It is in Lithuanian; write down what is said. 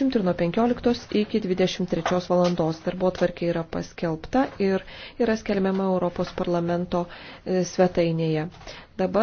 10 ir nuo 15 iki 23 valandos. Darbo tvarkė yra paskelbta ir yra skelbiama Europos parlamento e, svetainėje. Dabar